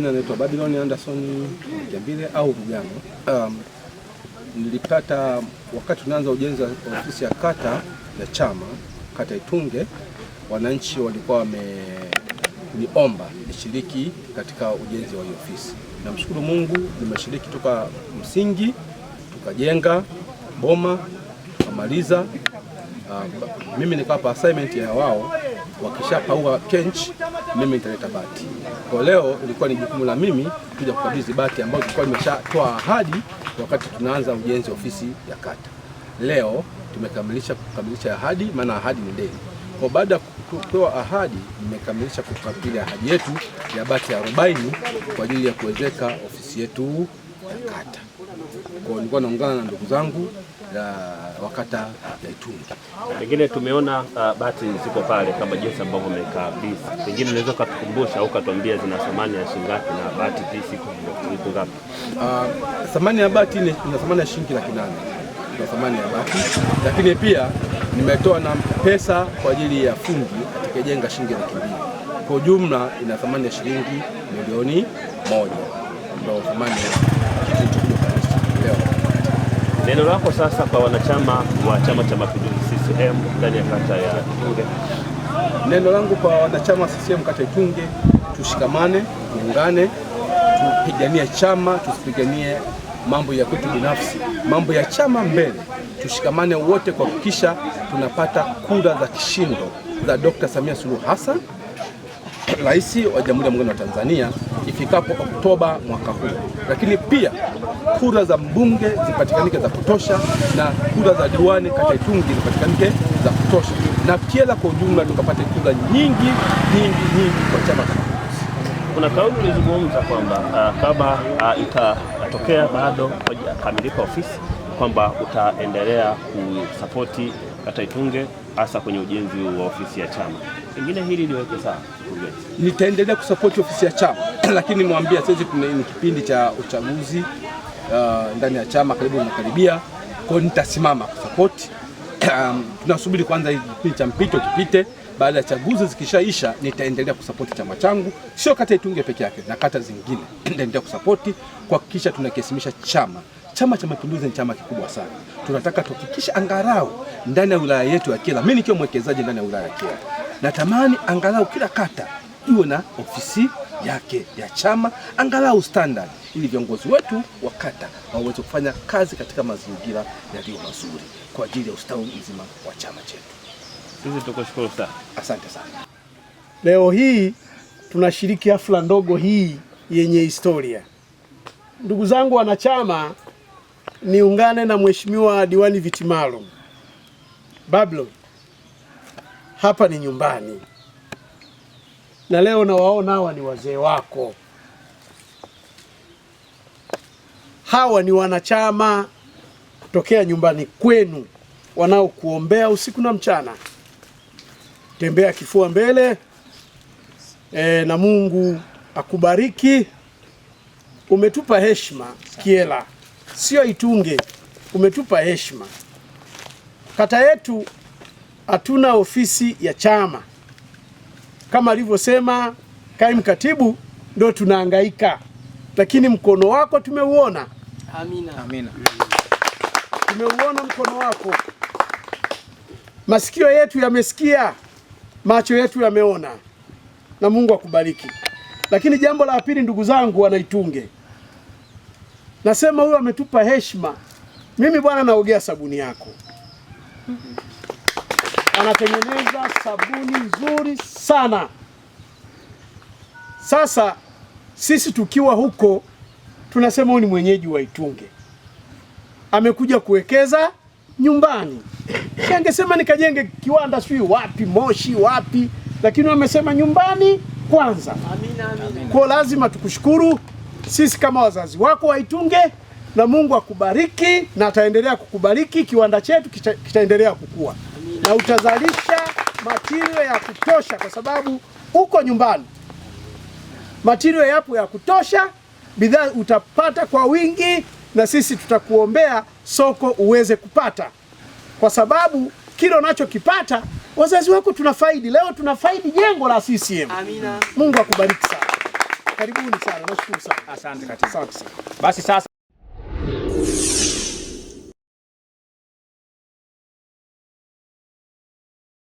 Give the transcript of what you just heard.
majina anaitwa Babylon Anderson Kiambile au Mgano. Um, nilipata wakati tunaanza ujenzi wa ofisi ya kata ya chama kata Itunge, wananchi walikuwa wameniomba nishiriki katika ujenzi wa ofisi. Namshukuru Mungu nimeshiriki toka msingi, tukajenga boma tukamaliza. Uh, mimi nikawapa assignment ya wao wakishapaua kench, mimi nitaleta bati. Kwa leo ilikuwa ni jukumu la mimi kuja kukabidhi bati ambayo tulikuwa imeshatoa ahadi wakati tunaanza ujenzi wa ofisi ya kata. Leo tumekamilisha kukamilisha ahadi, maana ahadi ni deni. Kwa baada ya kutoa ahadi, nimekamilisha kukamilisha ahadi yetu ya bati ya 40 kwa ajili ya kuwezeka ofisi yetu ya kata. Kwa nilikuwa naungana na ndugu zangu wakata ya Itungi. Pengine tumeona uh, bati ziko pale kama jinsi ambavyo mmekabidhi, pengine unaweza ukatukumbusha au ukatuambia zina thamani ya shilingi ngapi na bati ziko ngapi? Uh, thamani ya bati ni thamani ya shilingi laki nane na thamani ya bati, lakini pia nimetoa na pesa kwa ajili ya fundi atakayejenga shilingi laki mbili. Kwa ujumla ina thamani ya shilingi milioni moja ndio thamani ya kitu Neno lako sasa kwa wanachama wa Chama cha Mapinduzi CCM ndani ya kata ya Itunge. Neno langu kwa wanachama wa CCM kata ya Itunge, tushikamane, tuungane, tupiganie chama, tusipiganie mambo ya kwetu binafsi, mambo ya chama mbele. Tushikamane wote kuhakikisha tunapata kura za kishindo za Dr. Samia Suluhu Hassan Rais wa Jamhuri ya Muungano wa Tanzania ifikapo Oktoba mwaka huu, lakini pia kura za mbunge zipatikanike za kutosha na kura za diwani kata Itungi zipatikanike za kutosha, na Kyela kwa ujumla tukapate kura nyingi nyingi nyingi kwa Chama cha Kuna kauli ulizungumza kwamba uh, kama uh, itatokea bado hajakamilika ofisi kwamba utaendelea kusapoti kata Itunge, hasa kwenye ujenzi wa ofisi ya chama. Pengine hili liweke sawa. Nitaendelea kusapoti ofisi ya chama lakini mwambia sasa ni kipindi cha uchaguzi uh, ndani ya chama karibu nakaribia, kwa nitasimama kusapoti um, tunasubiri kwanza kipindi cha mpito kipite. Baada ya chaguzi zikishaisha, nitaendelea kusapoti chama changu, sio kata Itunge peke yake, na kata zingine nitaendelea kusapoti kuhakikisha tunakisimisha chama. Chama cha Mapinduzi ni chama kikubwa sana, tunataka tuhakikishe angalau ndani ya wilaya yetu ya Kyela, mimi nikiwa mwekezaji ndani ya wilaya ya Kyela natamani angalau kila kata iwe na ofisi yake ya chama angalau standard, ili viongozi wetu wa kata waweze kufanya kazi katika mazingira yaliyo mazuri kwa ajili ya ustawi mzima wa chama chetu. Sisi tukushukuru sana, asante sana. Leo hii tunashiriki hafla ndogo hii yenye historia, ndugu zangu wanachama niungane na mheshimiwa diwani viti maalum Bablo, hapa ni nyumbani, na leo nawaona hawa ni wazee wako, hawa ni wanachama kutokea nyumbani kwenu wanaokuombea usiku na mchana. Tembea kifua mbele e, na Mungu akubariki. Umetupa heshima Kiela sio Itunge, umetupa heshima. Kata yetu hatuna ofisi ya chama kama alivyosema kaimu katibu, ndio tunahangaika, lakini mkono wako tumeuona. Amina. Amina. Tumeuona mkono wako, masikio yetu yamesikia, macho yetu yameona, na Mungu akubariki. Lakini jambo la pili, ndugu zangu Wanaitunge, Nasema huyu ametupa heshima. Mimi bwana, naogea sabuni yako. Anatengeneza sabuni nzuri sana. Sasa sisi tukiwa huko tunasema huyu ni mwenyeji wa Itunge, amekuja kuwekeza nyumbani. Si angesema nikajenge kiwanda sijui wapi, Moshi wapi, lakini wamesema nyumbani kwanza. Amina, amina. Kwa lazima tukushukuru sisi kama wazazi wako waitunge, na Mungu akubariki na ataendelea kukubariki. Kiwanda chetu kita, kitaendelea kukua na utazalisha matirio ya kutosha, kwa sababu uko nyumbani matirio yapo ya kutosha, bidhaa utapata kwa wingi, na sisi tutakuombea soko uweze kupata, kwa sababu kile unachokipata wazazi wako tunafaidi. Leo tunafaidi jengo la CCM. Amina. Mungu akubariki sana. Karibuni sana, nashukuru sana. Asante katibu. Asante Basi sasa